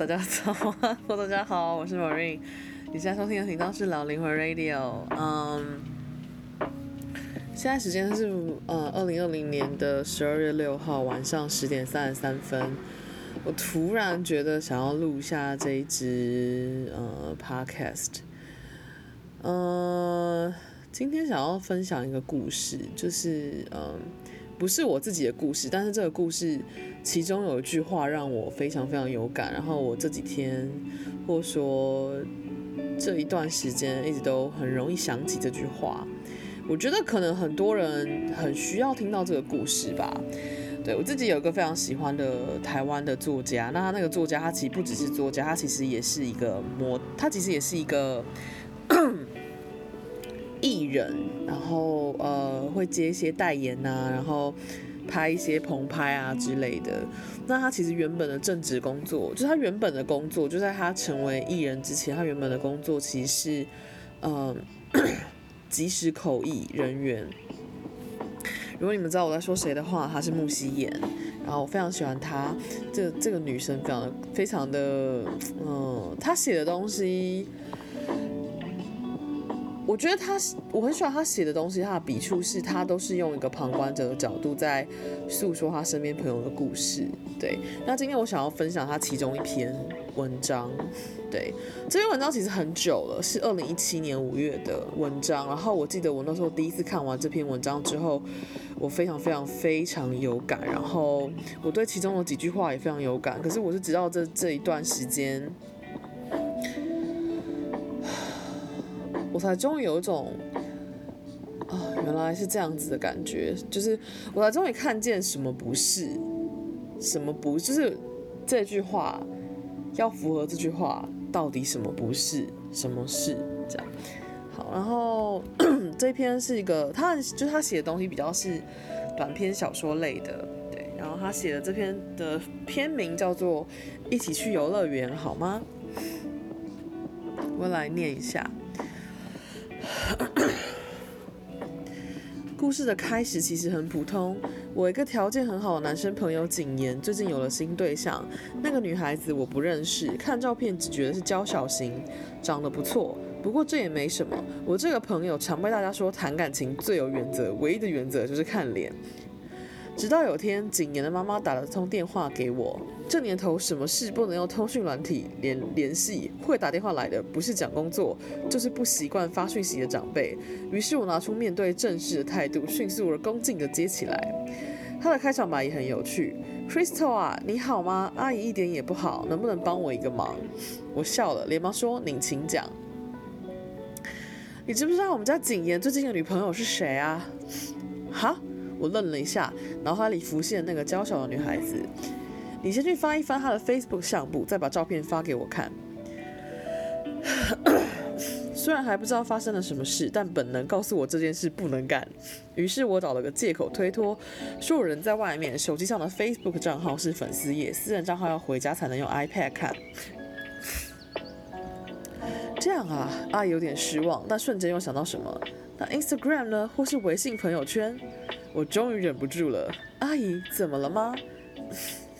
大家早啊，大家好，我是 m a r i n 在收聽的頻道是老靈魂 Radio。嗯、um,，現在時間是呃，二零二零年的十二月六號晚上十點三十三分。我突然覺得想要錄下這一支呃、uh, Podcast。Uh, 今天想要分享一個故事，就是、um, 不是我自己的故事，但是這個故事。其中有一句話讓我非常非常有感，然後我這幾天，或說這一段時間，一直都很容易想起這句話。我覺得可能很多人很需要聽到這個故事吧。對我自己有一個非常喜歡的台灣的作家，那他那個作家他其實不只是作家，他其實也是一個模，他其實也是一個藝 人，然後呃會接一些代言吶、啊，然後。拍一些棚拍啊之類的，那他其實原本的正職工作，就是他原本的工作就在他成為藝人之前，他原本的工作其實是，嗯， 即時口譯人員。如果你們知道我在說誰的話，他是穆熙妍，然後我非常喜歡他，這這個女生非常的非常的，嗯，她寫的東西。我覺得他，我很喜歡他寫的東西，他的筆觸是，他都是用一個旁觀者的角度在訴說他身邊朋友的故事。對，那今天我想要分享他其中一篇文章。對，這篇文章其實很久了，是二零一七年五月的文章。然後我記得我那時候第一次看完這篇文章之後，我非常非常非常有感。然後我對其中的幾句話也非常有感。可是我是直到這這一段時間。我才終於有一種，啊，原來是這樣子的感覺，就是我才終於看見什麼不是，什麼不、就是這句話，要符合這句話到底什麼不是，什麼是這樣。好，然後咳咳這篇是一個他就是他寫的東西比較是短篇小說類的，對，然後他寫的這篇的篇名叫做《一起去遊樂園》，好嗎？我來念一下。 故事的開始其實很普通。我一個條件很好的男生朋友景妍，最近有了新對象。那個女孩子我不認識，看照片只覺得是嬌小型，長得不錯。不過這也沒什麼。我這個朋友常被大家說談感情最有原則，唯一的原則就是看臉。直到有天，景妍的媽媽打了通電話給我。這年頭，什麼事不能用通訊軟體聯聯繫？會打電話來的，不是講工作，就是不習慣發訊息的長輩。於是我拿出面對正式的態度，迅速而恭敬地接起來。他的開場白也很有趣：“Crystal 啊，你好嗎？阿姨一點也不好，能不能幫我一個忙？”我笑了，連忙說：“你請講。 ”你知不知道我們家景言最近的女朋友是誰啊？哈！ 我愣了一下，腦海裡浮現那個嬌小的女孩子。你先去翻一翻他的 Facebook 相簿，再把照片發給我看。 雖然還不知道發生了什麼事，但本能告訴我這件事不能幹。於是，我找了個借口推脫，說有人在外面，手機上的 Facebook 賬號是粉絲頁，私人賬號要回家才能用 iPad 看。 這樣啊，阿姨有點失望，但瞬間又想到什麼，那 Instagram 呢？或是微信朋友圈？我終於忍不住了，阿姨，怎麼了嗎？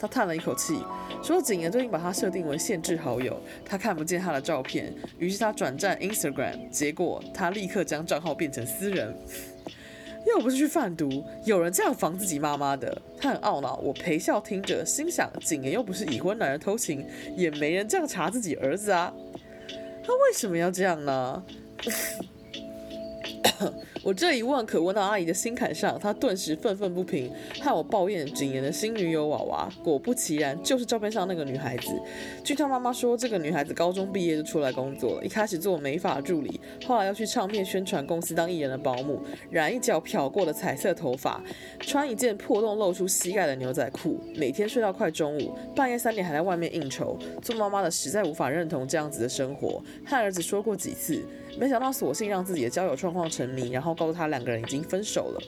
他嘆了一口氣，說：“景言最近把他設定為限制好友，他看不見他的照片。於是他轉戰 Instagram，結果他立刻將賬號變成私人。 又不是去販毒，有人這樣防自己媽媽的？他很懊惱。我陪笑聽着，心想：景言又不是已婚男人偷情，也沒人這樣查自己兒子啊。他為什麼要這樣呢？” 我這一問可問到阿姨的心坎上，她頓時憤憤不平，和我抱怨景言的新女友娃娃。果不其然，就是照片上那個女孩子。據她媽媽說，這個女孩子高中畢業就出來工作了，一開始做美髮助理，後來要去唱片宣傳公司當藝人的保姆，染一腳漂過的彩色頭髮，穿一件破洞露出膝蓋的牛仔褲，每天睡到快中午，半夜三點還在外面應酬。做媽媽的實在無法認同這樣子的生活，和兒子說過幾次，沒想到索性讓自己的交友狀況成謎，然後，告訴他兩個人已經分手了，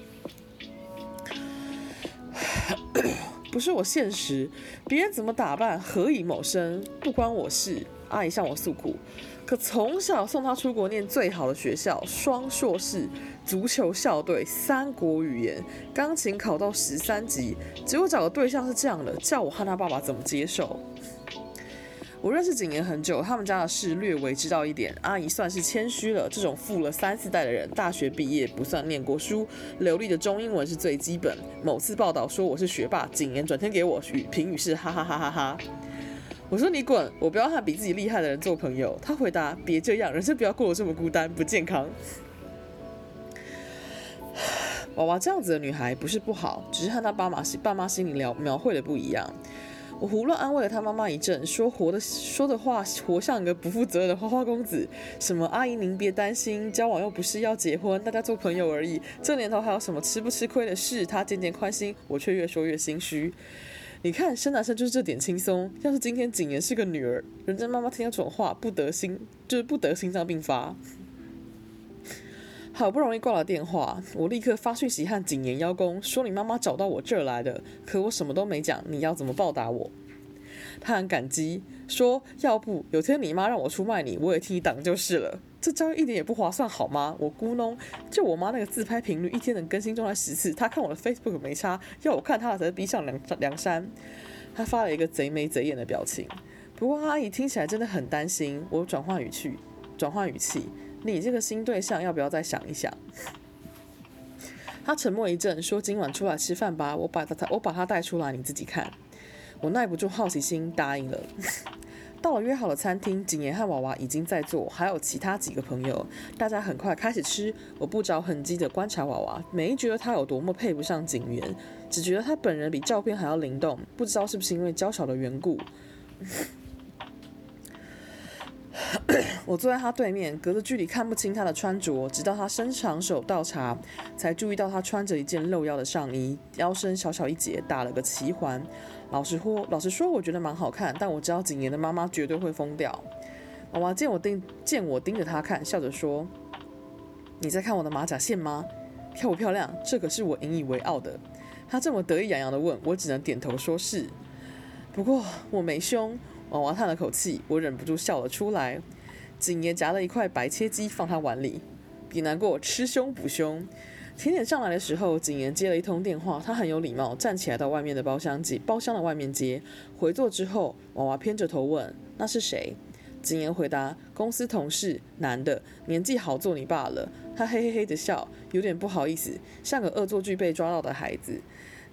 不是我現實，別人怎麼打扮、何以謀生不關我事。阿姨向我訴苦，可從小送他出國念最好的學校、雙碩士、足球校隊、三國語言、鋼琴考到十三級，結果找的對象是這樣的，叫我和他爸爸怎麼接受？我認識景言很久，他們家的事略微知道一點。阿姨算是謙虛了，這種富了三四代的人，大學畢業不算念過書，流利的中英文是最基本。某次報道說我是學霸，景言轉天給我語評語是哈哈哈哈哈哈。我說你滾，我不要和比自己厲害的人做朋友。他回答，別這樣，人生不要過得這麼孤單不健康。娃娃這樣子的女孩不是不好，只是和她爸媽，爸媽心裡聊描描繪的不一樣。我胡亂安慰了他媽媽一陣，說活的說的話活像一個不負責任的花花公子。什麼阿姨您別擔心，交往又不是要結婚，大家做朋友而已。這年頭還有什麼吃不吃虧的事？他漸漸寬心，我卻越說越心虛。你看生男生就是這點輕鬆，要是今天景言是個女兒，人家媽媽聽到這種話不得心，就是不得心臟病發。.好不容易掛了電話，我立刻發訊息和景言邀功，說你媽媽找到我這兒來的，可我什麼都沒講。你要怎麼報答我？她很感激，說要不有天你媽讓我出賣你，我也替你擋就是了。這招一點也不划算，好嗎？我咕噥，就我媽那個自拍頻率，一天能更新狀態十次，她看我的 Facebook 沒差，要我看她才逼上梁梁山。她發了一個賊眉賊眼的表情。不過阿姨聽起來真的很擔心，我轉換語氣，轉換語氣。你這個新對象要不要再想一想？他沉默一陣，說：“今晚出來吃飯吧，我把他，我把他帶出來，你自己看。”我耐不住好奇心，答應了。 到了約好的餐廳，景言和娃娃已經在座，還有其他幾個朋友。大家很快開始吃，我不着痕跡的觀察娃娃，沒覺得他有多麼配不上景言，只覺得他本人比照片還要靈動。不知道是不是因為嬌小的緣故。 我坐在他對面，隔着距離看不清他的穿着，直到他伸長手倒茶，才注意到他穿着一件露腰的上衣，腰身小小一截，打了個臍環。老實說，老實說，我覺得蠻好看，但我知道景妍的媽媽絕對會瘋掉。娃娃見我盯見我盯着他看，笑着說：“你在看我的馬甲線嗎？漂不漂亮？這可是我引以為傲的。”他這麼得意洋洋地問，我只能點頭說是。不過我沒胸。娃娃嘆了口氣，我忍不住笑了出來。景言夾了一塊白切雞放他碗裡，別難過吃胸補胸。甜點上來的時候，景言接了一通電話，他很有禮貌，站起來到外面的包廂接，包廂的外面接。回座之後，娃娃偏着頭問：“那是誰？”景言回答：“公司同事，男的，年紀好做你爸了。”他嘿嘿嘿的笑，有點不好意思，像個惡作劇被抓到的孩子。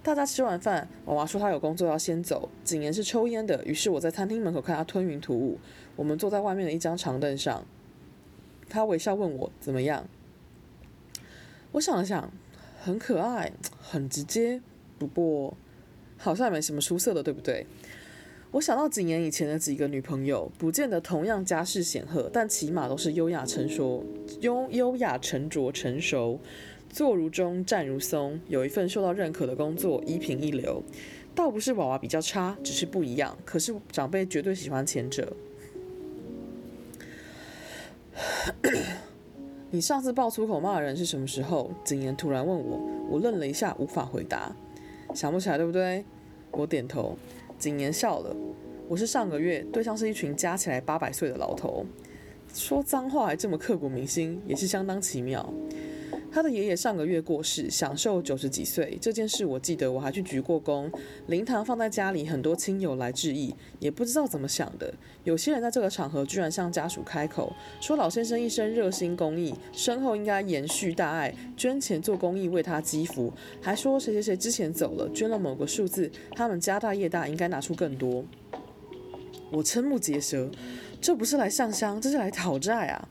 大家吃完飯，我媽，媽說她有工作要先走。景言是抽煙的，於是我在餐廳門口看他吞雲吐霧。我們坐在外面的一張長凳上，他微笑問我怎麼樣。我想了想，很可愛，很直接，不過好像也沒什麼出色的，對不對？我想到景言以前的幾個女朋友，不見得同樣家世顯赫，但起碼都是優雅成熟，優優雅沉着成熟。坐如鐘，站如松，有一份受到認可的工作，一品一流，倒不是娃娃比較差，只是不一樣。可是長輩絕對喜歡前者。 你上次爆粗口罵人是什麼時候？景言突然問我，我愣了一下，無法回答，想不起來，對不對？我點頭。景言笑了。我是上個月，對象是一群加起來八百歲的老頭，說髒話還這麼刻骨銘心，也是相當奇妙。他的爺爺上個月過世，享壽九十幾歲。這件事我記得，我還去鞠過躬。靈堂放在家裡，很多親友來致意，也不知道怎麼想的。有些人在這個場合居然向家屬開口，說老先生一生熱心公益，身後應該延續大愛，捐錢做公益為他積福。還說誰誰誰之前走了，捐了某個數字，他們家大業大應該拿出更多。我瞠目結舌，這不是來上香，這是來討債啊！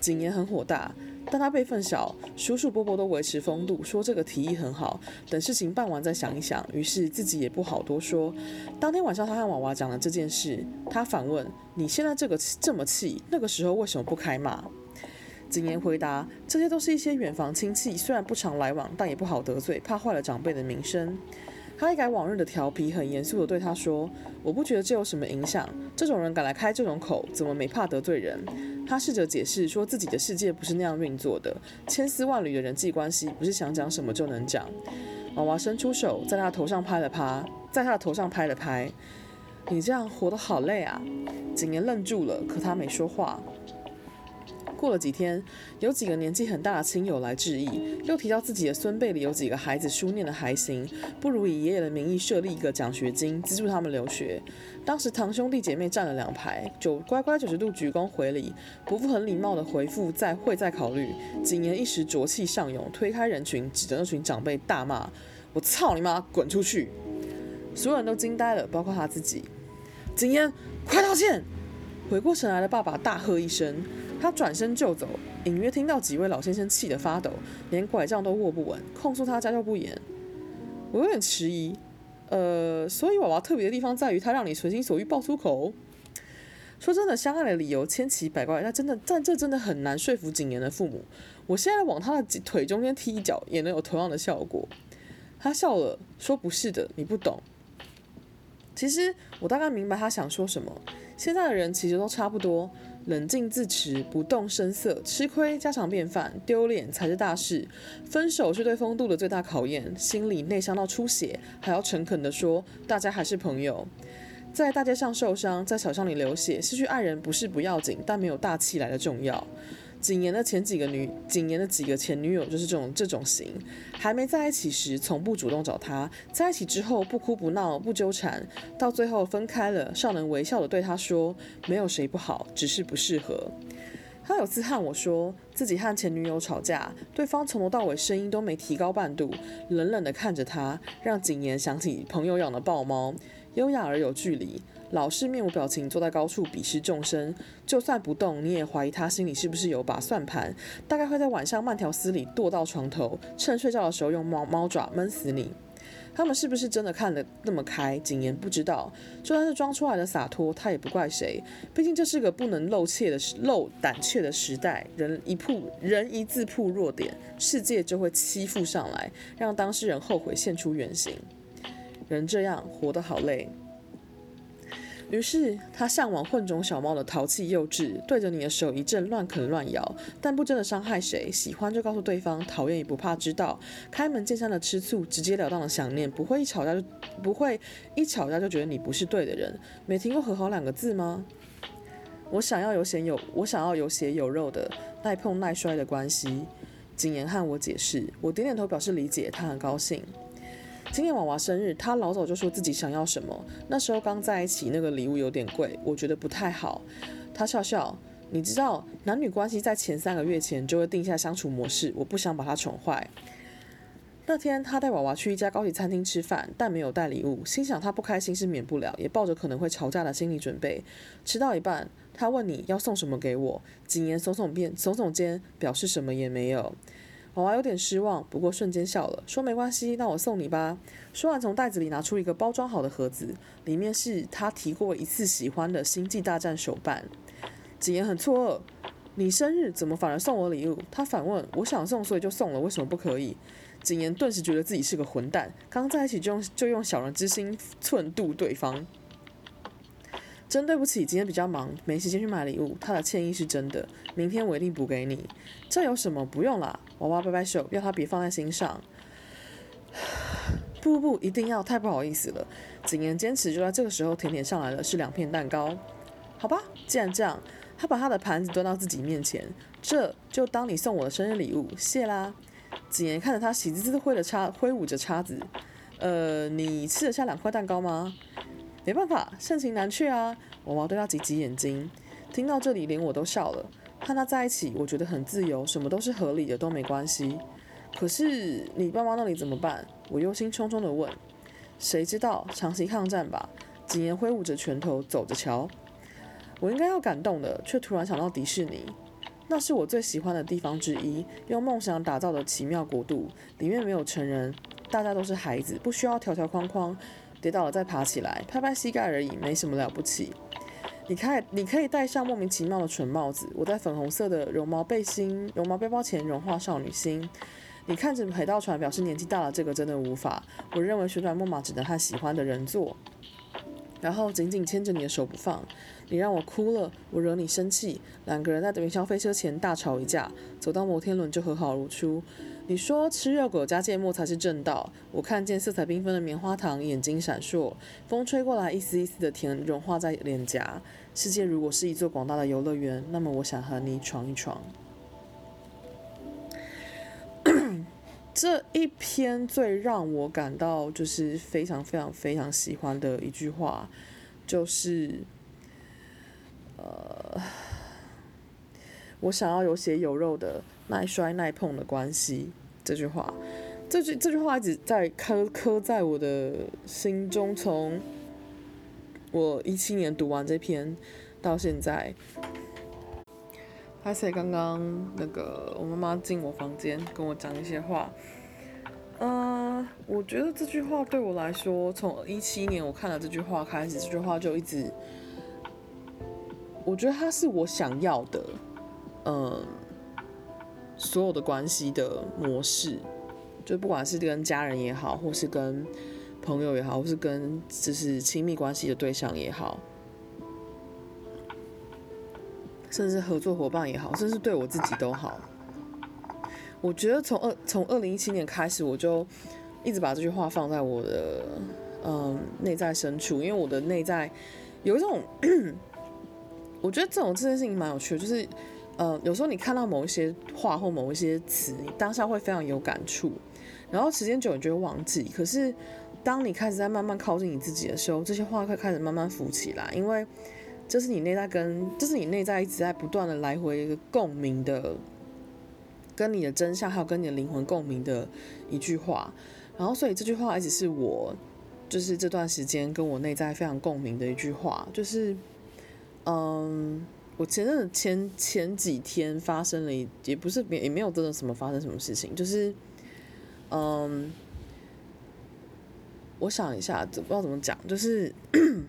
景言很火大。但他輩分小，叔叔伯伯都維持風度，說這個提議很好，等事情辦完再想一想。於是自己也不好多說。當天晚上，他和娃娃講了這件事，他反問：“你現在這個這麼氣，那個時候為什麼不開罵？”景言回答：“這些都是一些遠房親戚，雖然不常來往，但也不好得罪，怕壞了長輩的名聲。”他一改往日的調皮，很嚴肅地對他說：“我不覺得這有什麼影響。這種人敢來開這種口，怎麼沒怕得罪人？”他試着解釋說：“自己的世界不是那樣運作的，千絲萬縷的人際關係不是想講什麼就能講。”娃娃伸出手，在他頭上拍了拍，在他的頭上拍了拍。“你這樣活得好累啊！”景年愣住了，可他沒說話。過了幾天，有幾個年紀很大的親友來致意，又提到自己的孫輩裡有幾個孩子書念的還行，不如以爺爺的名義設立一個獎學金資助他們留學。當時堂兄弟姐妹站了兩排，就乖乖九十度鞠躬回禮。伯父很禮貌的回復，再會再考慮。景言一時濁氣上湧，推開人群，指着那群長輩大罵：“我操你媽，滾出去！”所有人都驚呆了，包括他自己。景言，快道歉！回過神來的爸爸大喝一聲。他轉身就走，隱約聽到幾位老先生氣得發抖，連拐杖都握不穩，控訴他家教不嚴。我有點遲疑，呃，所以娃娃特別的地方在於，他讓你隨心所欲爆粗口。說真的，相愛的理由千奇百怪，但真的，但這真的很難說服景言的父母。我現在往他的腿中間踢一腳，也能有同樣的效果。他笑了，說不是的，你不懂。其實我大概明白他想說什麼。現在的人其實都差不多。冷靜自持，不動聲色，吃虧家常便飯，丟臉才是大事。分手是對風度的最大考驗，心裡內傷到出血，還要誠懇地說大家還是朋友。在大街上受傷，在小巷裡流血，失去愛人不是不要緊，但沒有大氣來的重要。景言的前幾個女，景言的幾個前女友就是這種這種型，還沒在一起時從不主動找他，在一起之後不哭不鬧不糾纏，到最後分開了，尚能微笑的對他說，沒有誰不好，只是不適合。他有次和我說，自己和前女友吵架，對方從頭到尾聲音都沒提高半度，冷冷的看着他，讓景言想起朋友養的豹貓，優雅而有距離。老是面無表情坐在高處鄙視眾生，就算不動你也懷疑他心裡是不是有把算盤。大概會在晚上慢條斯理踱到床頭，趁睡覺的時候用貓貓爪悶死你。他們是不是真的看得那麼開？謹言不知道，就算是裝出來的灑脫，他也不怪誰。畢竟這是個不能露怯的、露膽怯的時代，人一曝人一自曝弱點，世界就會欺負上來，讓當事人後悔現出原形。人這樣活得好累。於是他嚮往混種小貓的淘氣幼稚，對着你的手一陣亂啃亂咬，但不真的傷害誰。喜歡就告訴對方，討厭也不怕知道。開門見山的吃醋，直截了當的想念，不會一吵架就、不會一吵架就覺得你不是對的人。沒聽過和好兩個字嗎？我想要有血有、我想要有血有肉的，耐碰耐摔的關係。景言和我解釋，我點點頭表示理解，他很高興。今天娃娃生日，他老早就說自己想要什麼。那時候剛在一起，那個禮物有點貴，我覺得不太好。他笑笑，你知道，男女關係在前三個月前就會定下相處模式，我不想把他寵壞。那天他帶娃娃去一家高級餐廳吃飯，但沒有帶禮物，心想他不開心是免不了，也抱着可能會吵架的心理準備。吃到一半，他問你要送什麼給我，謹言聳聳肩，聳聳肩，表示什麼也沒有。好啊，有點失望，不過瞬間笑了，說沒關係，那我送你吧。說完，從袋子裡拿出一個包裝好的盒子，裡面是他提過一次喜歡的《星際大戰》手辦。景言很錯愕，你生日怎麼反而送我禮物？他反問，我想送，所以就送了，為什麼不可以？景言頓時覺得自己是個混蛋，剛在一起就用就用小人之心忖度對方。真對不起，今天比較忙，沒時間去買禮物。他的歉意是真的，明天我一定補給你。這有什麼，不用啦，娃娃擺擺手，要他別放在心上。不不不，一定要，太不好意思了。景言堅持，就在這個時候，甜甜上來了，是兩片蛋糕。好吧，既然這樣，他把他的盤子端到自己面前，這就當你送我的生日禮物，謝啦。景言看着他，喜滋滋揮着叉，揮舞着叉子。呃，你吃得下兩塊蛋糕嗎？沒辦法，盛情難卻啊！我毛都要擠擠眼睛。聽到這裡，連我都笑了。和他在一起，我覺得很自由，什麼都是合理的，都沒關係。可是你爸媽那裡怎麼辦？我憂心忡忡地問。誰知道，長期抗戰吧。景言揮舞着拳頭，走着瞧。我應該要感動的，卻突然想到迪士尼，那是我最喜歡的地方之一，用夢想打造的奇妙國度，裡面沒有成人，大家都是孩子，不需要條條框框。跌倒了再爬起來，拍拍膝蓋而已，沒什麼了不起。你看，你可以戴上莫名其妙的蠢帽子。我在粉紅色的絨毛背心、絨毛背包前融化少女心。你看着海盜船，表示年紀大了，這個真的無法。我認為旋轉木馬只能和喜歡的人坐。然後緊緊牽着你的手不放。你讓我哭了，我惹你生氣。兩個人在等雲霄飛車前大吵一架，走到摩天輪就和好如初。你說吃熱狗加芥末才是正道。我看見色彩繽紛的棉花糖，眼睛閃爍。風吹過來，一絲一絲的甜融化在臉頰。世界如果是一座廣大的遊樂園，那麼我想和你闖一闖。 這一篇最讓我感到就是非常非常非常喜歡的一句話，就是，呃，我想要有血有肉的、耐摔耐碰的關係。這句話，這句這句話一直在刻，刻在我的心中。從我一七年讀完這篇到現在，而且剛剛那個我媽媽進我房間跟我講一些話，嗯、呃，我覺得這句話對我來說，從一七年我看了這句話開始，這句話就一直，我覺得它是我想要的，嗯、呃。所有的關係的模式，就不管是跟家人也好，或是跟朋友也好，或是跟就是親密關係的對象也好，甚至合作夥伴也好，甚至對我自己都好。我覺得從二從二零一七年開始，我就一直把這句話放在我的嗯內在深處，因為我的內在有一種， 我覺得這種這件事情蠻有趣的，就是。嗯、呃，有時候你看到某一些話或某一些詞，你當下會非常有感觸，然後時間久你就會忘記。可是，當你開始在慢慢靠近你自己的時候，這些話會開始慢慢浮起來，因為這是你內在跟，這是你內在一直在不斷的來回共鳴的，跟你的真相還有跟你的靈魂共鳴的一句話。然後，所以這句話一直是我，就是這段時間跟我內在非常共鳴的一句話，就是嗯。我前陣前前幾天發生了，也不是也沒有真的什麼發生什麼事情，就是，嗯，我想一下，不知道怎麼講，就是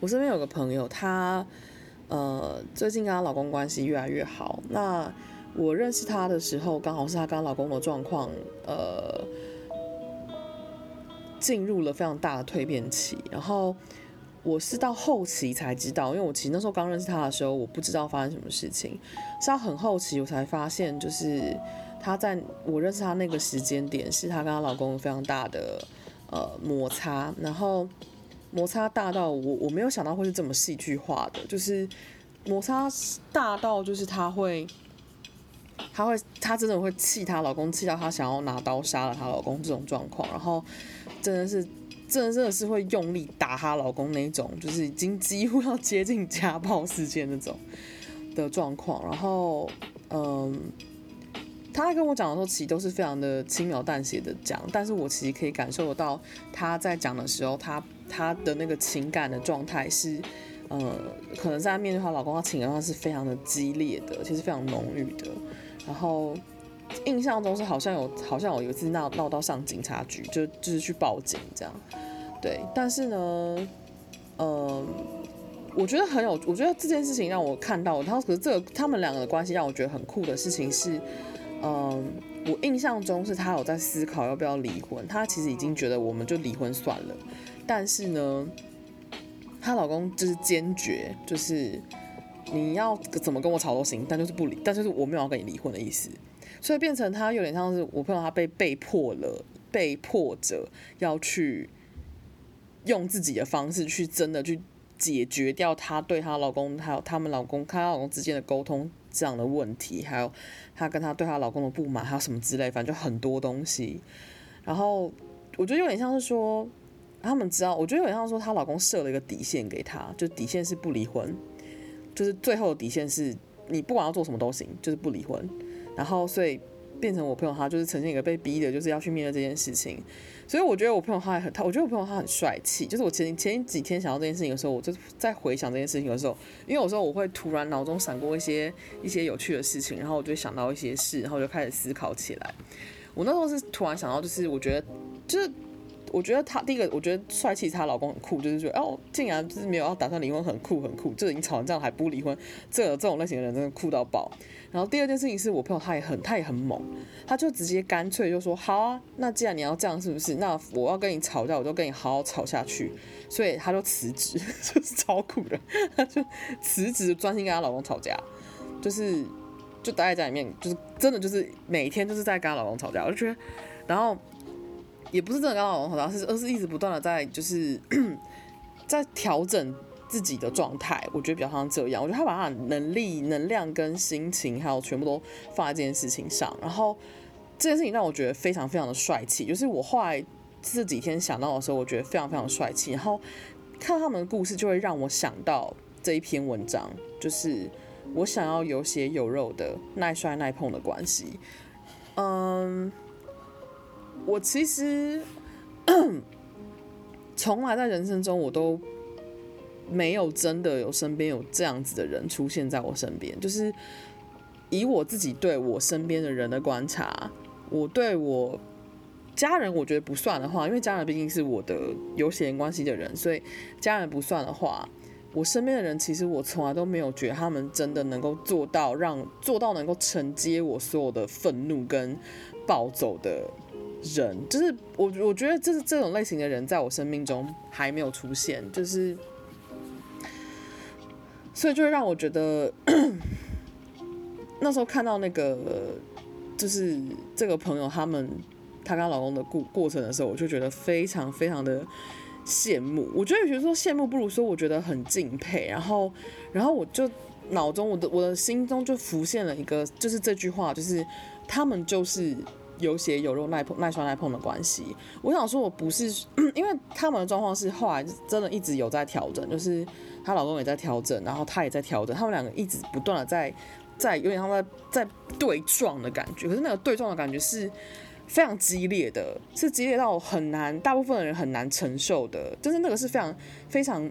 我身邊有個朋友，她呃最近跟她老公關係越來越好。那我認識她的時候，剛好是她跟她老公的狀況呃進入了非常大的蛻變期，然後。我是到後期才知道，因為我其實那時候剛認識他的時候，我不知道發生什麼事情，是到很後期我才發現，就是她在我認識他那個時間點，是她跟她老公非常大的呃摩擦，然後摩擦大到我我沒有想到會是這麼戲劇化的，就是摩擦大到就是她會，她會她真的會氣她老公，氣到她想要拿刀殺了她老公，這種狀況，然後真的是。真的真的是會用力打她老公那種，就是已經幾乎要接近家暴事件那種的狀況。然後，嗯，她在跟我講的時候，其實都是非常的輕描淡寫的講，但是我其實可以感受得到她在講的時候，她她的那個情感的狀態是，嗯，可能在面對她老公，她情感上是非常的激烈的，其實非常濃郁的。然後。印象中是好像有，好像有有一次鬧鬧到上警察局，就就是去報警這樣。對，但是呢，嗯、呃，我覺得很有，我覺得這件事情讓我看到，然後可是這個他們兩個的關係讓我覺得很酷的事情是，嗯、呃，我印象中是他有在思考要不要離婚，他其實已經覺得我們就離婚算了，但是呢，她老公就是堅決，就是你要怎麼跟我吵都行，但就是不離，但就是我沒有要跟你離婚的意思。所以變成她有點像是我朋友，她被被迫了，被迫着要去用自己的方式去真的去解決掉她對她老公還有她們老公、她老公之間的溝通這樣的問題，還有她跟她對她老公的不滿，還有什麼之類，反正就很多東西。然後我覺得有點像是說，她們知道，我覺得有點像是說她老公設了一個底線給她，就底線是不離婚，就是最後的底線是你不管要做什麼都行，就是不離婚。然後，所以變成我朋友他就是曾經一個被逼的，就是要去面對這件事情。所以我覺得我朋友他也很，他我覺得我朋友他很帥氣。就是我前前幾天想到這件事情的時候，我就在回想這件事情的時候，因為有時候我會突然腦中閃過一些一些有趣的事情，然後我就想到一些事，然後就開始思考起來。我那時候是突然想到，就是我覺得就是。我覺得他第一個，我覺得帥氣，她老公很酷，就是說，哦，竟然就是沒有要打算離婚，很酷很酷，就是已經吵成這樣還不離婚，這個、這種類型的人真的酷到爆。然後第二件事情是我朋友，她也很她也很猛，她就直接乾脆就說，好啊，那既然你要這樣是不是？那我要跟你吵架，我就跟你好好吵下去。所以她就辭職，就是超酷的，她就辭職專心跟她老公吵架，就是就待在家裡面，就是真的就是每天就是在跟她老公吵架，我就覺得，然後。也不是真的剛到龍頭，而是而是一直不斷的在，就是 在調整自己的狀態。我覺得比較像這樣，我覺得他把他的能力、能量跟心情，還有全部都放在這件事情上。然後這件事情讓我覺得非常非常的帥氣。就是我後來這幾天想到的時候，我覺得非常非常帥氣。然後看他們的故事，就會讓我想到這一篇文章，就是我想要有血有肉的耐摔耐碰的關係。嗯。我其實從來在人生中，我都沒有真的有身邊有這樣子的人出現在我身邊。就是以我自己對我身邊的人的觀察，我對我家人，我覺得不算的話，因為家人畢竟是我的有血緣關係的人，所以家人不算的話，我身邊的人其實我從來都沒有覺得他們真的能夠做到讓做到能夠承接我所有的憤怒跟暴走的。人就是我，我覺得就是這種類型的人，在我生命中還沒有出現，就是，所以就會讓我覺得， 那時候看到那個，就是這個朋友他們，她跟她老公的故過程的時候，我就覺得非常非常的羨慕。我覺得與其說羨慕，不如說我覺得很敬佩。然後，然後我就腦中我的我的心中就浮現了一個，就是這句話，就是他們就是。有血有肉、耐碰、耐摔耐碰的關係。我想說，我不是因為他們的狀況是後來真的一直有在調整，就是她老公也在調整，然後她也在調整，他們兩個一直不斷的在在有點他們在在對撞的感覺。可是那個對撞的感覺是非常激烈的，是激烈到很難，大部分人很難承受的。就是那個是非常非常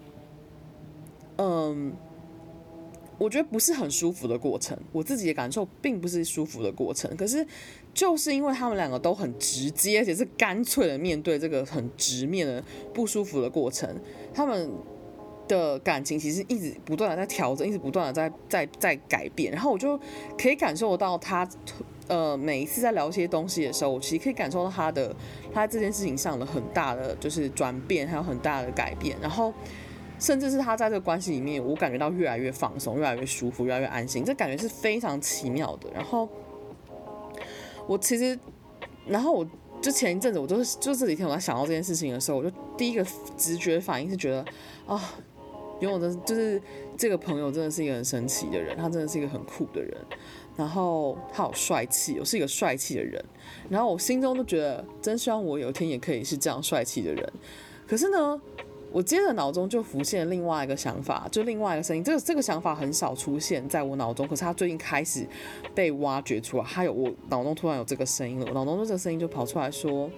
嗯、呃，我覺得不是很舒服的過程。我自己的感受並不是舒服的過程，可是。就是因為他們兩個都很直接，而且是乾脆的面對這個很直面的不舒服的過程。他們的感情其實一直不斷的在調整，一直不斷的在在在改變。然後我就可以感受到他，呃，每一次在聊些東西的時候，我其實可以感受到他的他這件事情上的很大的就是轉變，還有很大的改變。然後甚至是他在這個關係裡面，我感覺到越來越放鬆，越來越舒服，越來越安心。這感覺是非常奇妙的。然後。我其實，然後我就前一陣子，我就是就這幾天，我在想到這件事情的時候，我就第一個直覺反應是覺得，啊，因為我的就是這個朋友真的是一個很神奇的人，他真的是一個很酷的人，然後他好帥氣，我是一個帥氣的人，然後我心中都覺得真希望我有一天也可以是這樣帥氣的人，可是呢，我接着腦中就浮現另外一個想法，就另外一個聲音。這個這個想法很少出現在我腦中，可是它最近開始被挖掘出來。還有我腦中突然有這個聲音了，我腦中這個聲音就跑出來說：“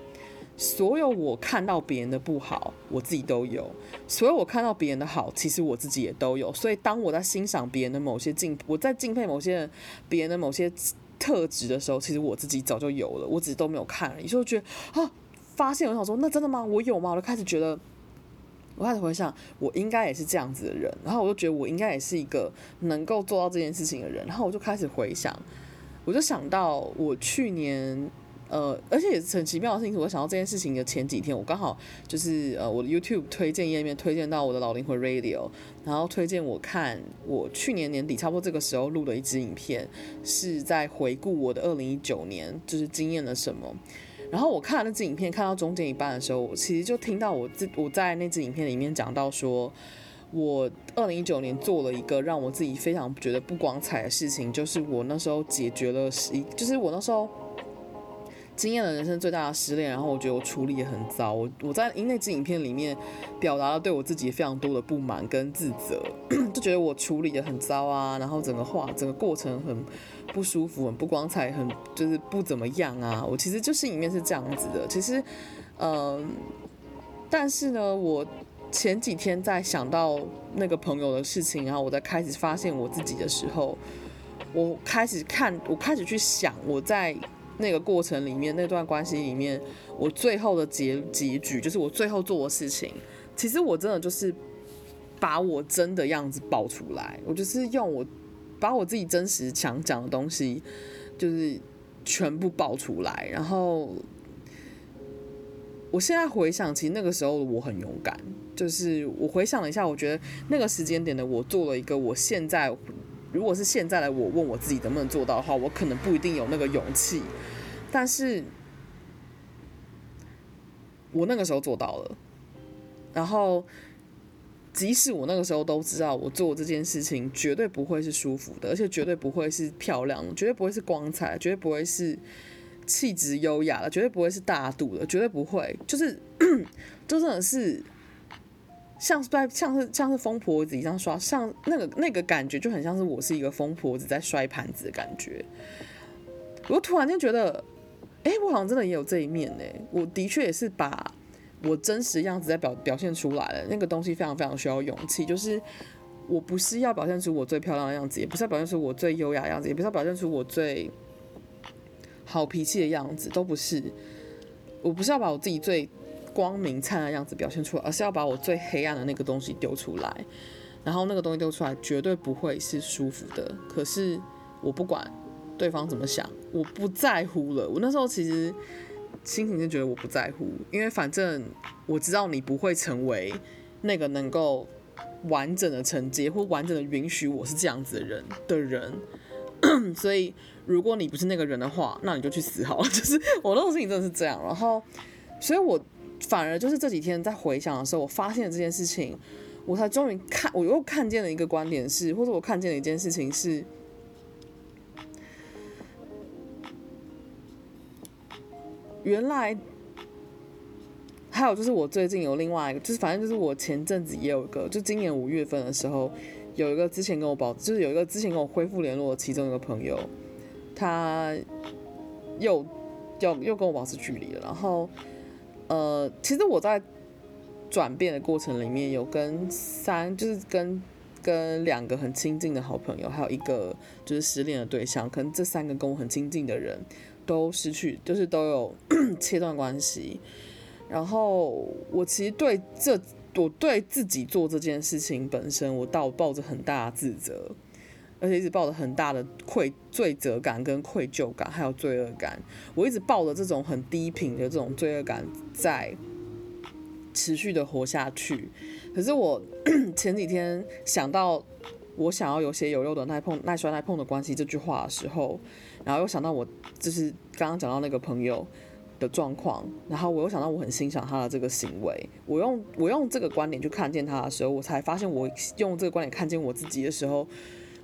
所有我看到別人的不好，我自己都有；所有我看到別人的好，其實我自己也都有。所以當我在欣賞別人的某些敬，我在敬佩某些人別人的某些特質的時候，其實我自己早就有了，我自己都沒有看了。你就會覺得啊，發現我想說，那真的嗎？我有嗎？我就開始覺得。”我開始回想，我應該也是這樣子的人，然後我就覺得我應該也是一個能夠做到這件事情的人，然後我就開始回想，我就想到我去年，呃，而且也是很奇妙的事情，我想到這件事情的前幾天，我剛好就是呃我的 YouTube 推薦頁面推薦到我的老靈魂 Radio，然後推薦我看我去年年底差不多這個時候錄的一支影片，是在回顧我的二零一九年就是經驗了什麼。然後我看了那支影片，看到中間一半的時候，我其實就聽到我自我在那支影片裡面講到說，我二零一九年做了一個讓我自己非常覺得不光彩的事情，就是我那時候解決了失，就是我那時候，經驗了人生最大的失戀，然後我覺得我處理得很糟，我我在因那支影片裡面表達了對我自己非常多的不滿跟自責，就覺得我處理得很糟啊，然後整個話整個過程很。不舒服，很不光彩，很就是不怎麼樣啊！我其實就是裡面是這樣子的，其實，嗯、呃，但是呢，我前幾天在想到那個朋友的事情，然後我在開始發現我自己的時候，我開始看，我開始去想我在那個過程裡面，那段關係裡面，我最後的結結局，就是我最後做的事情。其實我真的就是把我真的樣子爆出來，我就是用我。把我自己真實想講的東西，就是全部爆出來。然後，我現在回想起那個時候我很勇敢。就是我回想了一下，我覺得那個時間點的我做了一個，我現在如果是現在的我，問我自己能不能做到的話，我可能不一定有那個勇氣。但是，我那個時候做到了。然後，即使我那個時候都知道，我做這件事情絕對不會是舒服的，而且絕對不會是漂亮的，絕對不會是光彩，絕對不會是氣質優雅的，絕對不會是大度的，絕對不會，就是， 就真的是，像是，像是在像是像是瘋婆子一樣刷，像那個那個感覺就很像是我是一個瘋婆子在摔盤子的感覺。我突然間覺得，哎、欸，我好像真的也有這一面哎、欸，我的確也是把。我真實的樣子在表表現出來了，那個東西非常非常需要勇氣。就是我不是要表現出我最漂亮的樣子，也不是要表現出我最優雅的樣子，也不是要表現出我最好脾氣的樣子，都不是。我不是要把我自己最光明燦爛的樣子表現出來，而是要把我最黑暗的那個東西丟出來。然後那個東西丟出來絕對不會是舒服的。可是我不管對方怎麼想，我不在乎了。我那時候其實。心情就覺得我不在乎，因為反正我知道你不會成為那個能夠完整的承接或完整的允許我是這樣子的人的人，所以如果你不是那個人的話，那你就去死好了。就是我那種心情真的是這樣。然後，所以我反而就是這幾天在回想的時候，我發現了這件事情，我才終於看，我又看見了一個觀點是，或者我看見了一件事情是。原來，還有就是我最近有另外一個，就是反正就是我前陣子也有一個，就今年五月份的時候，有一個之前跟我保，就是有一個之前跟我恢復聯絡的其中一個朋友，他又又又跟我保持距離了。然後，呃，其實我在轉變的過程裡面，有跟三，就是跟跟兩個很親近的好朋友，還有一個就是失戀的對象，可能這三個跟我很親近的人。都失去，就是都有 切斷關係。然後我其實對這，我對自己做這件事情本身，我倒抱着很大的自責，而且一直抱着很大的愧、罪責感跟愧疚感，還有罪惡感。我一直抱着這種很低頻的這種罪惡感，在持續的活下去。可是我 前幾天想到。我想要有血有肉的耐碰、耐摔、耐碰的關係這句話的時候，然後又想到我就是剛剛講到那個朋友的狀況，然後我又想到我很欣賞他的這個行為。我用我用這個觀點去看見他的時候，我才發現我用這個觀點看見我自己的時候，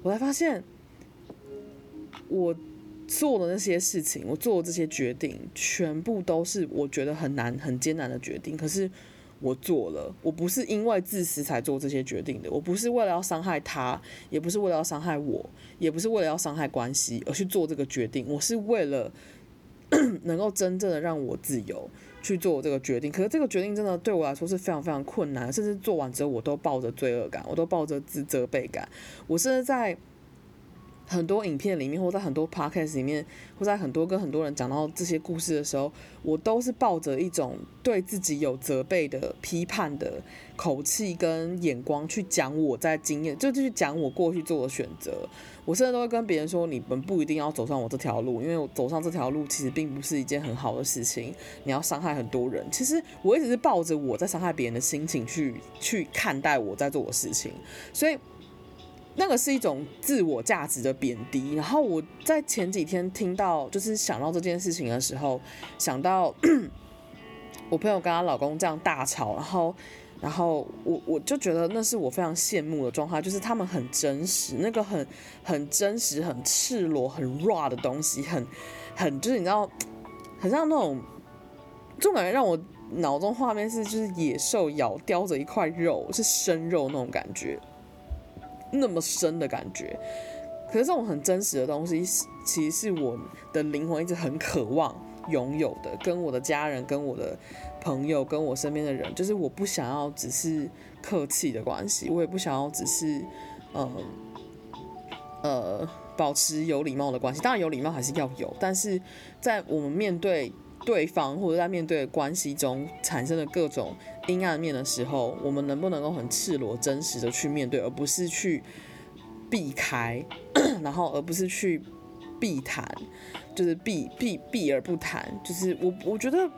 我才發現我做的那些事情，我做的這些決定，全部都是我覺得很難、很艱難的決定。可是。我做了，我不是因為自私才做這些決定的，我不是為了要傷害他，也不是為了要傷害我，也不是為了要傷害關係而去做這個決定，我是為了 能夠真正的讓我自由去做這個決定。可是這個決定真的對我來說是非常非常困難，甚至做完之後我都抱着罪惡感，我都抱着自責備感，我甚至在。很多影片裡面，或在很多 podcast 裡面，或在很多跟很多人講到這些故事的時候，我都是抱着一種對自己有責備的、批判的口氣跟眼光去講我在經驗，就繼續講我過去做的選擇。我甚至都會跟別人說：“你們不一定要走上我這條路，因為我走上這條路其實並不是一件很好的事情，你要傷害很多人。”其實我一直是抱着我在傷害別人的心情去去看待我在做的事情，所以。那個是一種自我價值的貶低。然後我在前幾天聽到，就是想到這件事情的時候，想到 我朋友跟她老公這樣大吵，然後，然後我我就覺得那是我非常羨慕的狀態，就是他們很真實，那個很很真實、很赤裸、很 raw 的東西，很很就是你知道，很像那種，就感覺讓我腦中畫面是就是野獸咬叼着一塊肉，是生肉那種感覺。那麼深的感覺，可是這種很真實的東西，其實是我的靈魂一直很渴望擁有的。跟我的家人、跟我的朋友、跟我身邊的人，就是我不想要只是客氣的關係，我也不想要只是，嗯、呃，呃，保持有禮貌的關係。當然有禮貌還是要有，但是在我們面對，對方或者在面對的關係中產生的各種陰暗面的時候，我們能不能夠很赤裸真實的去面對，而不是去避開，然後而不是去避談，就是避避避而不談。就是我我覺得，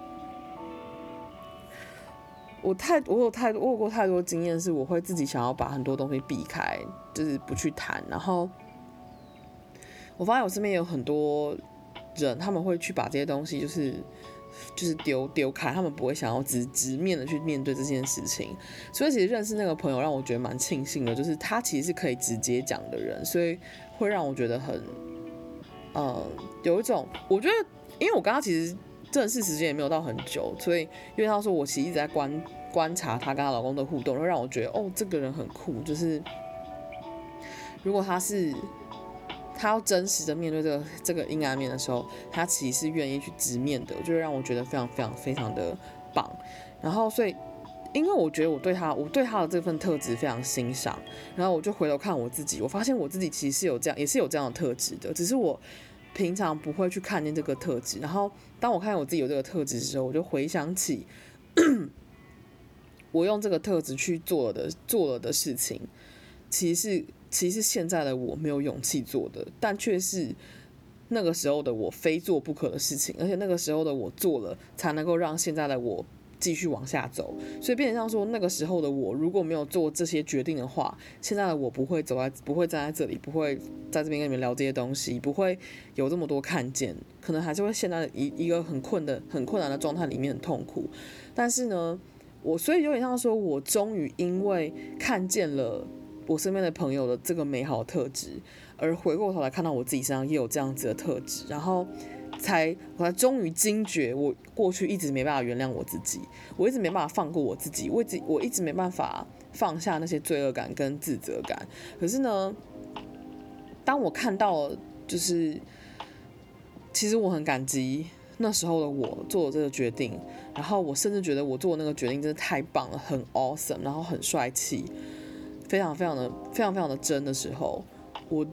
我太我有太多我有過太多經驗，是我會自己想要把很多東西避開，就是不去談。然後我發現我身邊有很多。人他們會去把這些東西就是就是丟丟開，他們不會想要直直面的去面對這件事情。所以其實認識那個朋友讓我覺得蠻慶幸的，就是他其實是可以直接講的人，所以會讓我覺得很，嗯、呃，有一種我覺得，因為我剛剛其實正式時間也沒有到很久，所以因為他說我其實一直在觀觀察他跟他老公的互動，然後讓我覺得哦，這個人很酷，就是如果他是。他要真實的面對這個這個陰暗面的時候，他其實願意去直面的，就是讓我覺得非常非常非常的棒。然後，所以因為我覺得我對他，我對他的這份特質非常欣賞。然後我就回頭看我自己，我發現我自己其實是有這樣，也是有這樣的特質的，只是我平常不會去看見這個特質。然後當我看見我自己有這個特質的時候，我就回想起 我用這個特質去做了的做了的事情，其實是。其實現在的我沒有勇氣做的，但卻是那個時候的我非做不可的事情。而且那個時候的我做了，才能夠讓現在的我繼續往下走。所以，變相說，那個時候的我如果沒有做這些決定的話，現在的我不會走在，不會站在這裡，不會在這邊跟你們聊這些東西，不會有這麼多看見，可能還是會陷在一一個很困的、很困難的狀態裡面，很痛苦。但是呢，我所以有點像說，我終於因為看見了。我身邊的朋友的這個美好特質，而回過頭來看到我自己身上也有這樣子的特質，然後才我才終於驚覺，我過去一直沒辦法原諒我自己，我一直沒辦法放過我自己，我一直我一直沒辦法放下那些罪惡感跟自責感。可是呢，當我看到，就是其實我很感激那時候的我做了這個決定，然後我甚至覺得我做那個決定真的太棒了，很 awesome，然後很帥氣。非常非常的非常非常的真的時候，我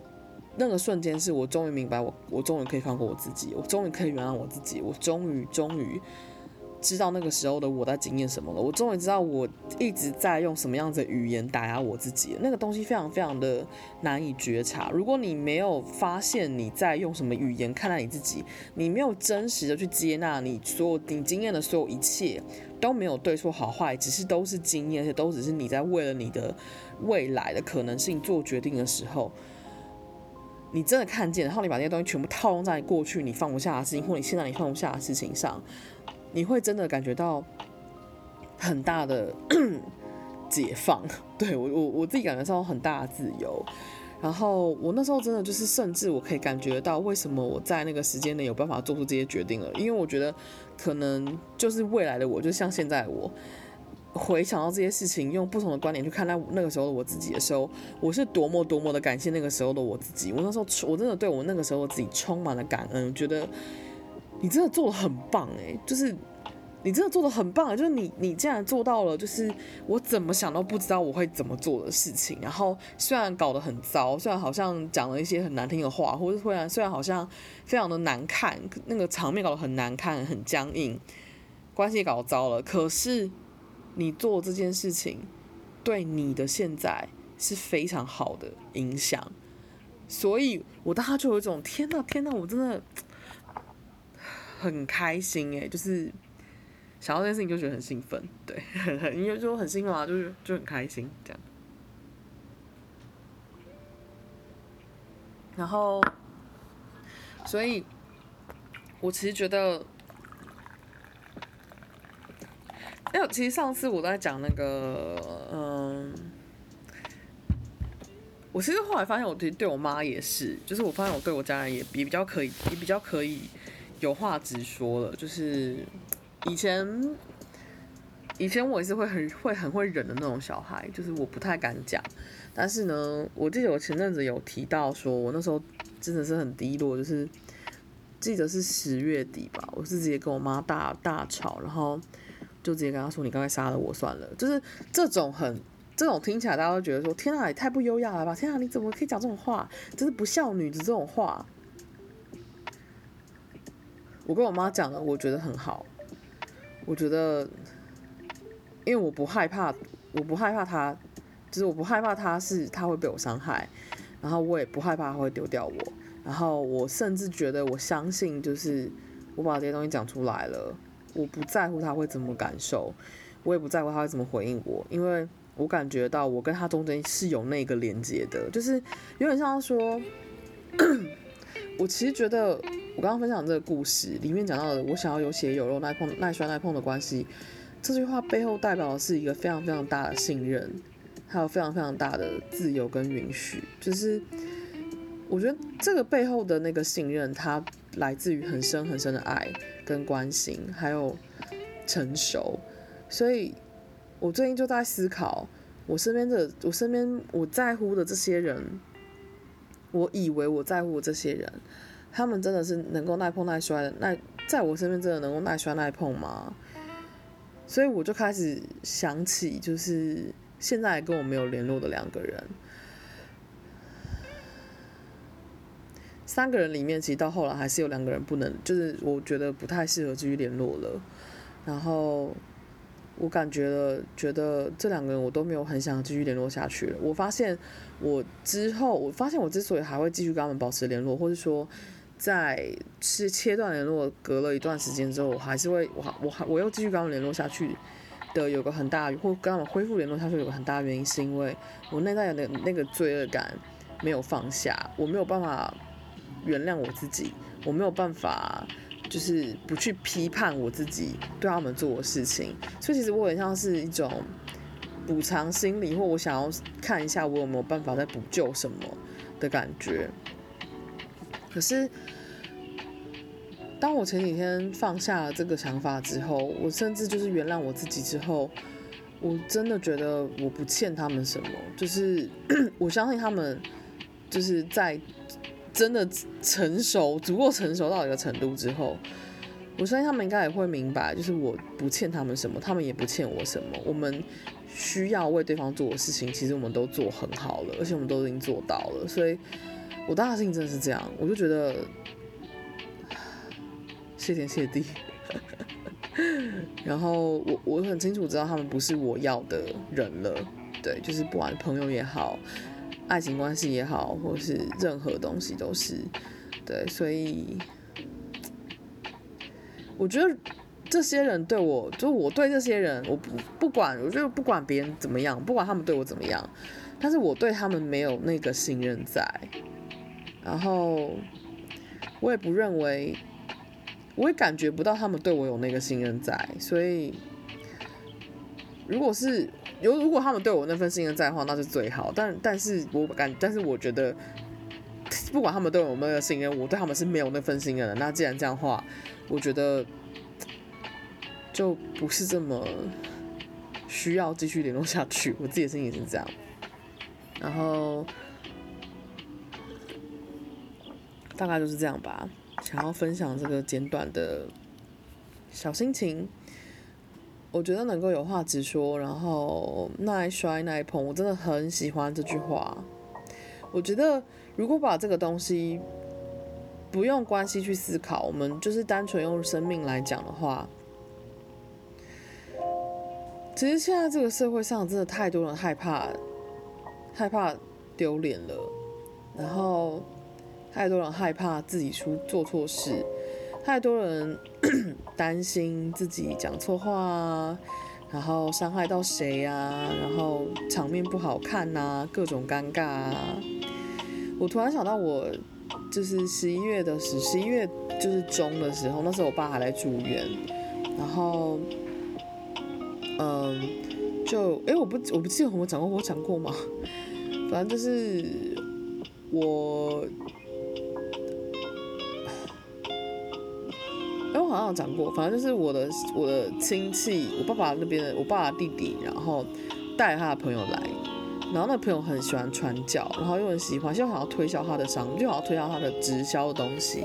那個瞬間是我終於明白我，我我終於可以放過我自己，我終於可以原諒我自己，我終於終於。知道那個時候的我在經驗什麼了。我終於知道我一直在用什麼樣子的語言打壓我自己。那個東西非常非常的難以覺察。如果你沒有發現你在用什麼語言看待你自己，你沒有真實的去接納你所有你經驗的所有一切，都沒有對錯好壞，只是都是經驗，而且都只是你在為了你的未來的可能性做決定的時候，你真的看見，然後你把這些東西全部套用在過去你放不下的事情，或你現在你放不下的事情上。你會真的感覺到很大的 解放，對，我我我自己感覺到很大的自由。然後我那時候真的就是，甚至我可以感覺得到，為什麼我在那個時間內有辦法做出這些決定了？因為我覺得可能就是未來的我，就像現在我回想到這些事情，用不同的觀點去看待那個時候的我自己的時候，我是多麼多麼的感謝那個時候的我自己。我那時候我真的對我那個時候我自己充滿了感恩，我覺得。你真的做的很棒哎、欸，就是你真的做的很棒、欸、就是你你竟然做到了，就是我怎麼想都不知道我會怎麼做的事情。然後雖然搞得很糟，雖然好像講了一些很難聽的話，或者雖然雖然好像非常的難看，那個場面搞得很難看、很僵硬，關係搞糟了。可是你做這件事情，對你的現在是非常好的影響。所以我當時就有一種天吶，天吶、啊啊，我真的。很開心哎、欸，就是想到這件事情就覺得很興奮，對，因 為就很興奮嘛、啊，就是就很開心這樣。然後，所以，我其實覺得，哎、欸，其實上次我在講那個，嗯，我其實後來發現我其實對我媽也是，就是我發現我對我家人也比比較可以，也比較可以，有話直說了，就是以前，以前我也是會很會很會忍的那種小孩，就是我不太敢講。但是呢，我記得我前陣子有提到說，我那時候真的是很低落，就是記得是十月底吧，我是直接跟我媽大大吵，然後就直接跟她說：“你剛才殺了我算了。”就是這種很，這種聽起來大家都覺得說：“天啊，也太不優雅了吧！天啊，你怎麼可以講這種話？真是不孝女子這種話。”我跟我媽講了，我覺得很好。我覺得，因為我不害怕，我不害怕他，就是我不害怕他是他會被我傷害，然後我也不害怕他會丟掉我，然後我甚至覺得我相信，就是我把這些東西講出來了，我不在乎他會怎麼感受，我也不在乎他會怎麼回應我，因為我感覺到我跟他中間是有那個連接的，就是有點像他說， 我其實覺得。我剛剛分享這個故事，裡面講到的“我想要有血有肉、耐碰、耐摔、耐碰的關係”，這句話背後代表的是一個非常非常大的信任，還有非常非常大的自由跟允許。就是我覺得這個背後的那個信任，它來自於很深很深的愛跟關心，還有成熟。所以我最近就在思考我，我身邊的我身邊我在乎的這些人，我以為我在乎這些人。他們真的是能夠耐碰耐摔的，那在我身邊真的能夠耐摔耐碰嗎？所以我就開始想起，就是現在跟我沒有聯絡的兩個人，三個人裡面，其實到後來還是有兩個人不能，就是我覺得不太適合繼續聯絡了。然後我感覺了，覺得這兩個人我都沒有很想繼續聯絡下去了。我發現我之後，我發現我之所以還會繼續跟他們保持聯絡，或是說。在是切斷聯絡，隔了一段時間之後，我還是會，我還我還我又繼續跟他們聯絡下去的，有個很大或跟他們恢復聯絡，下去，有個很大原因，是因為我內在有那那個罪惡感沒有放下，我沒有辦法原諒我自己，我沒有辦法就是不去批判我自己對他們做的事情，所以其實我很像是一種補償心理，或我想要看一下我有沒有辦法再補救什麼的感覺。可是，當我前幾天放下了這個想法之後，我甚至就是原諒我自己之後，我真的覺得我不欠他們什麼。就是 我相信他們，就是在真的成熟，足夠成熟到一個程度之後，我相信他們應該也會明白，就是我不欠他們什麼，他們也不欠我什麼。我們需要為對方做的事情，其實我們都做很好了，而且我們都已經做到了，所以。我大概性真的是這樣，我就覺得謝天謝地， 然後我我很清楚知道他們不是我要的人了，對，就是不管朋友也好，愛情關係也好，或是任何東西都是，對，所以我覺得這些人對我，就我對這些人，我不不管，我就不管別人怎麼樣，不管他們對我怎麼樣，但是我對他們沒有那個信任在。然後，我也不認為，我也感覺不到他們對我有那個信任在。所以，如果是有，如果他們對我那份信任在的話，那是最好。但，但是我感，但是我覺得，不管他們對我有沒有信任，我對他們是沒有那份信任的。那既然這樣的話，我覺得就不是這麼需要繼續聯絡下去。我自己的心裡是這樣。然後。大概就是這樣吧。想要分享這個簡短的小心情，我覺得能夠有話直說，然後耐摔耐碰，我真的很喜歡這句話。我覺得如果把這個東西不用關係去思考，我們就是單純用生命來講的話，其實現在這個社會上真的太多人害怕、害怕丟臉了，然後。太多人害怕自己出做錯事，太多人擔 心自己講錯話、啊，然後傷害到誰啊？然後場面不好看吶、啊，各種尷尬、啊。我突然想到我，我就是十一月的十，十一月就是中的時候，那時候我爸還在住院，然後，嗯、呃，就，哎，我不，我不記得我們講過，我講過嗎？反正就是我。我好像有講過，反正就是我的我的親戚，我爸爸那邊的我爸爸弟弟，然後帶他的朋友來，然後那朋友很喜歡傳教，然後又很喜歡，就好像推銷他的商，就好像推銷他的直銷東西。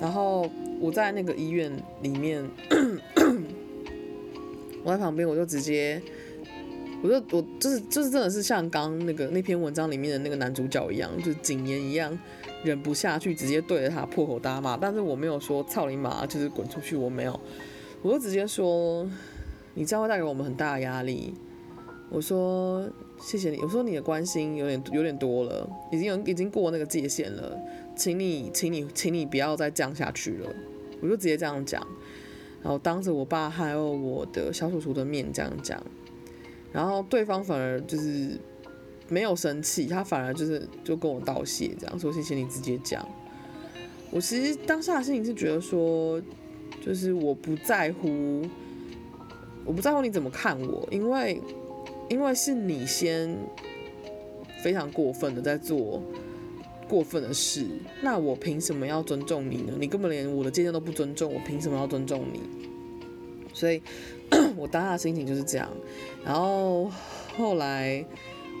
然後我在那個醫院裡面， 我在旁邊，我就直接，我就我就是就是真的是像剛那個那篇文章裡面的那個男主角一樣，就是謹言一樣。忍不下去，直接對着他破口大罵。但是我沒有說操你媽，就是滾出去。我沒有，我就直接說，你這樣會帶給我們很大的壓力。我說謝謝你，我說你的關心有點有點多了，已經有已經過那個界限了，請你請你請你不要再講下去了。我就直接這樣講，然後當着我爸還有我的小叔叔的面這樣講，然後對方反而就是，沒有生氣，他反而就是就跟我道謝，這樣說謝謝你，直接講。我其實當下的心情是覺得說，就是我不在乎，我不在乎你怎麼看我，因為因為是你先非常過分的在做過分的事，那我憑什麼要尊重你呢？你根本連我的界限都不尊重，我憑什麼要尊重你？所以，我當下的心情就是這樣。然後後來。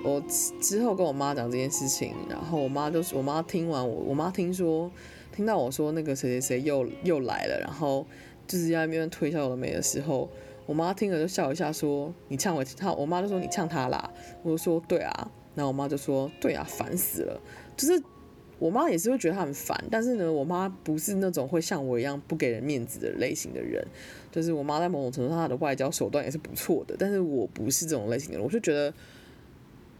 我之後跟我媽講這件事情，然後我媽就是，我媽聽完我，我媽聽說，聽到我說那個誰誰誰又又來了，然後就是在那邊推銷我的妹的時候，我媽聽了就笑一下說，說你嗆我，她我媽就說你嗆她啦，我就說對啊，然後我媽就說對啊，煩死了，就是我媽也是會覺得她很煩，但是呢，我媽不是那種會像我一樣不給人面子的類型的人，就是我媽在某種程度上她的外交手段也是不錯的，但是我不是這種類型的人，我就覺得。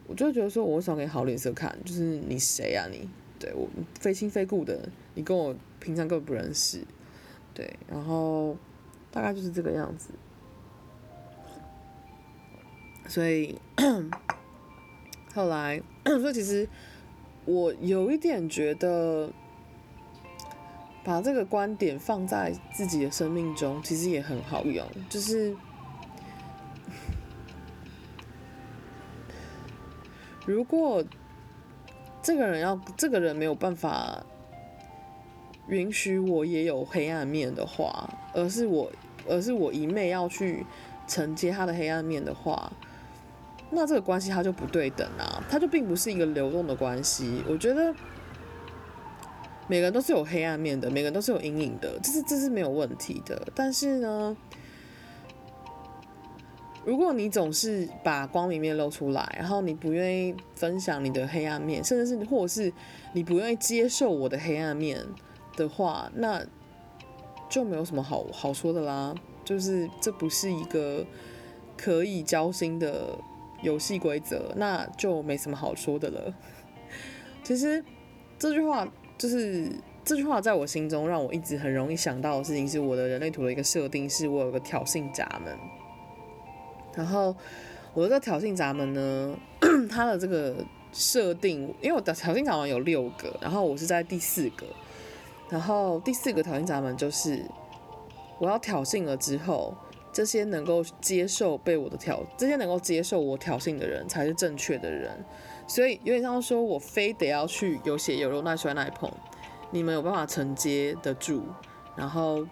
我就覺得說，我想給好臉色看，就是你誰啊你？對我非親非故的，你跟我平常根本不認識，對，然後大概就是這個樣子。所以 後來，所以其實我有一點覺得，把這個觀點放在自己的生命中，其實也很好用，就是。如果這個人要，這個人沒有辦法允許我也有黑暗面的話，而是我，而是我一昧要去承接他的黑暗面的話，那這個關係它就不對等啊，它就並不是一個流動的關係。我覺得每個人都是有黑暗面的，每個人都是有陰影的，這是這是沒有問題的。但是呢，如果你總是把光明面露出來，然後你不願意分享你的黑暗面，甚至是你或者是你不願意接受我的黑暗面的話，那就沒有什麼好好說的啦。就是這不是一個可以交心的遊戲規則，那就沒什麼好說的了。其實這句話就是這句話，在我心中讓我一直很容易想到的事情，是我的人類圖的一個設定，是我有個挑釁閘門。然後我這個挑釁閘門呢，他的這個設定，因為我的挑釁閘門有六個，然後我是在第四個，然後第四個挑釁閘門就是我要挑釁了之後，這些能夠接受被我的挑，這些能夠接受我挑釁的人才是正確的人，所以有點像說我非得要去有血有肉，耐摔耐碰，你們有辦法承接得住，然後。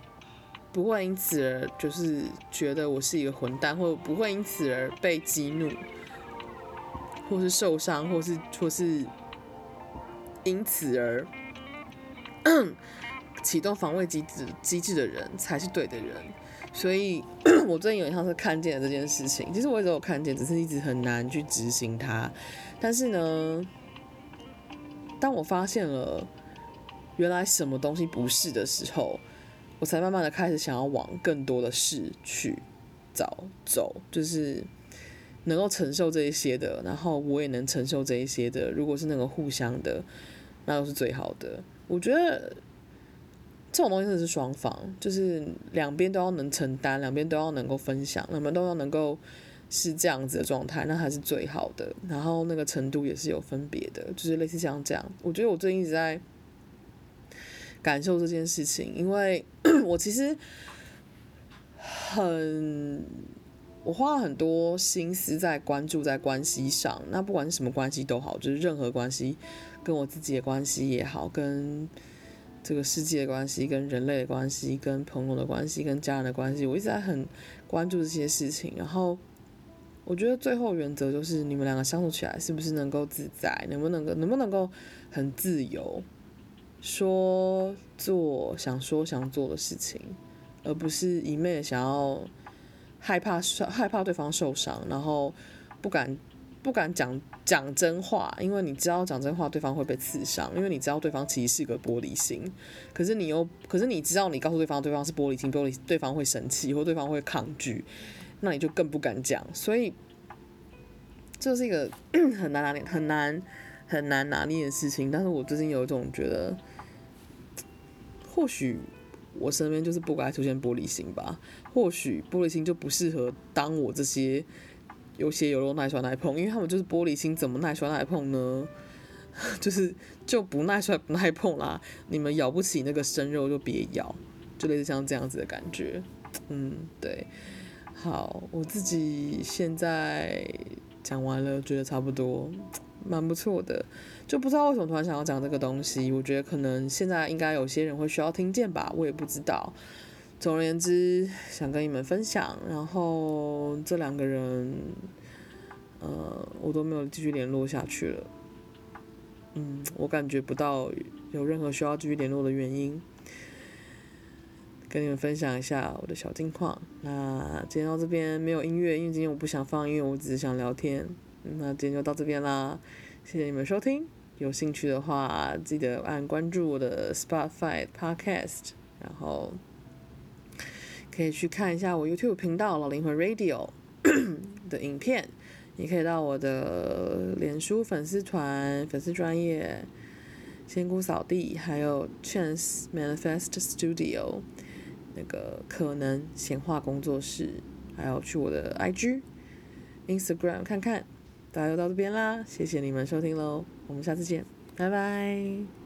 不會因此而就是覺得我是一個混蛋，或不會因此而被激怒，或是受傷，或是或是因此而啟動防衛機制機制的人才是對的人。所以， 我最近有點像是看見了這件事情。其實我一直有看見，只是一直很難去執行它。但是呢，當我發現了原來什麼東西不是的時候。我才慢慢的開始想要往更多的事去找走，就是能夠承受這一些的，然後我也能承受這一些的。如果是那個互相的，那都是最好的。我覺得這種東西真的是雙方，就是兩邊都要能承擔，兩邊都要能夠分享，兩邊都要能夠是這樣子的狀態，那才是最好的。然後那個程度也是有分別的，就是類似像這樣。我覺得我最近一直在。感受這件事情，因為我其實很，我花了很多心思在關注在關係上。那不管是什麼關係都好，就是任何關係，跟我自己的關係也好，跟這個世界的關係，跟人類的關係，跟朋友的關係，跟家人的關係，我一直在很關注這些事情。然後我覺得最後原則就是，你們兩個相處起來是不是能夠自在，能不能夠，能不能夠很自由？說做想說想做的事情，而不是一昧的想要害怕受害怕對方受傷，然後不敢不敢講講真話，因為你知道講真話對方會被刺傷，因為你知道對方其實是個玻璃心，可是你又可是你知道你告訴對方對方是玻璃心玻璃心對方會生氣或對方會抗拒，那你就更不敢講，所以這是一個很難拿捏很難很難拿捏的事情。但是我最近有一種覺得。或許我身邊就是不該出現玻璃心吧，或許玻璃心就不適合當我這些有血有肉耐摔耐碰，因為他們就是玻璃心，怎麼耐摔耐碰呢？就是就不耐摔不耐碰啦。你們咬不起那個生肉就別咬，就類似像這樣子的感覺。嗯，對。好，我自己現在。講完了，覺得差不多，蠻不錯的，就不知道為什麼突然想要講這個東西。我覺得可能現在應該有些人會需要聽見吧，我也不知道。總而言之，想跟你們分享。然後這兩個人，呃，我都沒有繼續聯絡下去了。嗯，我感覺不到有任何需要繼續聯絡的原因。跟你們分享一下我的小近況。那今天到這邊沒有音樂，因為今天我不想放音樂，我只是想聊天。那今天就到這邊啦，謝謝你們收聽。有興趣的話，記得按關注我的 Spotify Podcast，然後可以去看一下我 YouTube 頻道“老靈魂 Radio” 的， 的影片。你可以到我的臉書粉絲團、粉絲專頁、仙姑掃地，還有 Chance Manifest Studio。那個可能閒話工作室，還有去我的 IG、Instagram 看看，大家就到這邊啦，謝謝你們收聽嘍，我們下次見，拜拜。